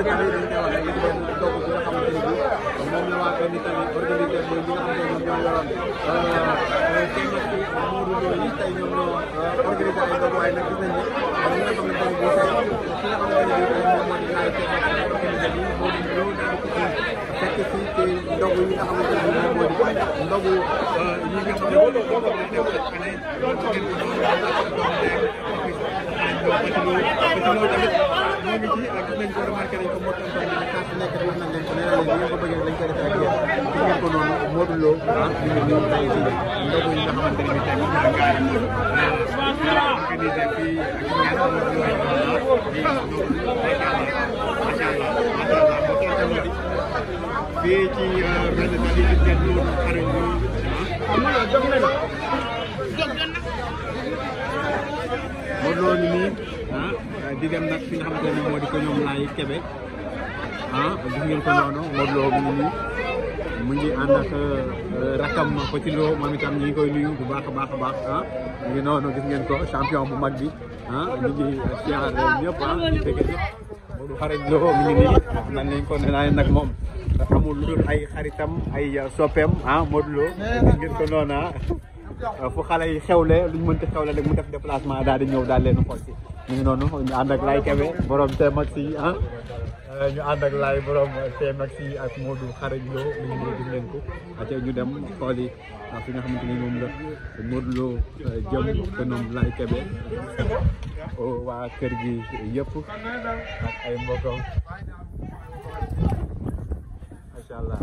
comité bi dañ koy wax rek dañ leen topp bi nga xamante ni bi moom la waa benn tamit organisation bi nga xamante ni ñoo yoroon kenn euh, ci muuru yooyu tey ñoom ñoo euh, organisé ay doom waaye nag gis nañ ne li nga xamante ni bii tey ki nga xamante ni bii moom moo di laaj comité bi moo di ñëw daal ko ci fekk si te ndog yi nga xamante ni moom moo di ndogu yi euh, nga xam ne moom la nekk année loolu ci gën a doon daal ko doon daal ko ci loolu moo ngi ci gis nañ ko remarqué nañ ko moo tax ñu tax nekk wax nañ leen ko nee nañ leen ko bëggee dañ koy defee ak yéen gis ngeen ko noonu Modou Lo ah ñu ngi nii tey ci ndogu yi nga xamante ne bii tey moom la gaa yi organisé fii ak ñaar moom ñu lay macha allah macha allah boo ko tamati fii ci benn tali bi kenn xarit ñu ah di dem nag fi nga xamante ne moo di ko ñoom laay kebe ah gis ngeen ko noonu Modou Lo mu ngi mu ngi ànd ak euh, rakam Petit Lo moom itam ñu ngi koy nuyu bu baax a baax a baax ah mu ngi noonu gis ngeen ko champion bu mag bi ah ñu ngi siyaar ñëpp ah ñu fekkee ñëpp Modou xarit Lo mu ngi nii nan lañ ko nee naa leen nag moom amul lu dul ay xaritam ay soppeem ah Modou Lo gis ngeen ko noonu ah fu xale yi xewle luñ mënti xewle rek mu def déplacement daal di ñëw daal leen xool si. ñu ngi noonu ñu ànd ak Laye Kébé borom Tmax yi ah euh, ñu ànd ak Laye borom Tmax yi ak Modou Xarañ Lo ñu ngi nii gis leen ko ate ñu dem ah, fi nga xamante ni moom la Modou Lo euh, oh, waa kër gi yëpp ay mbokkam allah.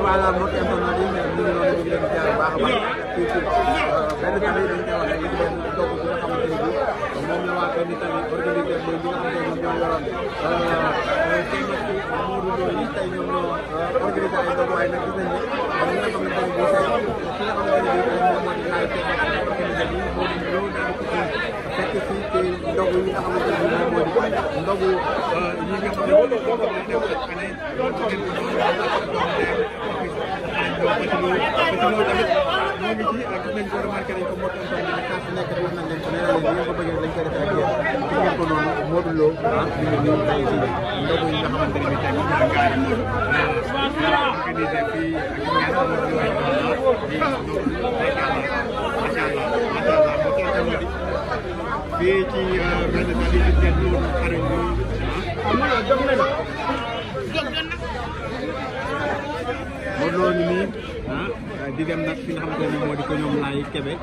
voilà mbokk internet yi ñu ngi doon ñu leen jaar baax a baax fii ci benn tamit dañ koy wax rek ñu ngi leen toog bi nga xamante ni bi moom la waa benn tamit organisé mooy bi nga xamante ni ñoo yoroon kenn ci Modou Lo yi tey ñoom ñoo organisé ay doog waaye nag gis nañ ne li nga xamante ni bi ki nga xamante ni bi moom mooy ñaari ndogu yi nga xamante ne moom moo di ndogu yi nga xam ne moom moo di def chaque année ñu ngi ci ak nañ ko remarqué nañ ko Modou Anta bi saa su nekk wax nañ leen ko nee naa leen bu ngeen ko bëggee dañ koy defee ak yéen gis ngeen ko noonu Modou Lo ñu ngi nii tey ci ndogu yi nga xamante ne bi tey moom la gaari organisé fii ak ñaar fii ci euh, benn benn yu kenn ñu xarit ñu ah. am na la jóg nañu. jóg nañu. Modou Lo ñu nii ah euh, di dem nag fi nga xamante ne moo di ko ñoom laay Kébé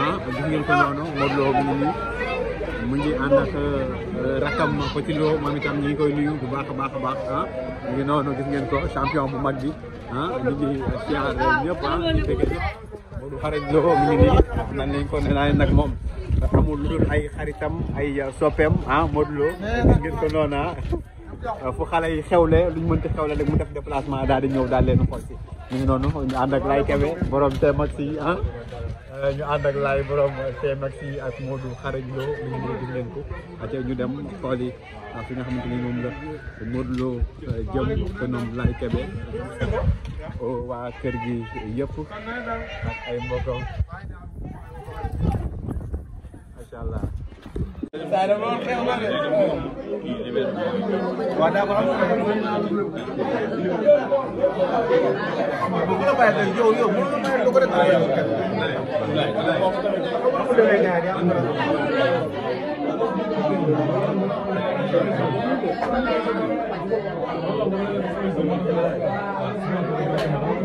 ah gis ngeen ko noonu Modou Lo mu ngi nii mu ngi ànd ak euh, rakam Petit Lo moom itam ñu ngi koy nuyu bu baax a baax a baax ah mu ngi noonu gis ngeen ko champion bu mag bi ah ñu ngi siyaar ñëpp ah ñu fekkee ñëpp Modou xarit Lo mu ngi nii nan lañ ko nee naa leen nag moom. amul lu dul ay xaritam ay soppeem ah Modou Lo ah. Euh, fu xale yi xewle luñ mënti xewle rek mu def déplacement daal di ñëw daal leen xool si ñu ngi noonu ñu ànd ak lay kawe borom Tmax yi ah euh, ñu ànd ak lay borom Tmax yi ak Modou xarañ yi ah, fi xamante ni moom la Modou Lo euh, jëm oh, waa kër gi yëpp ay mbokkam macha allah.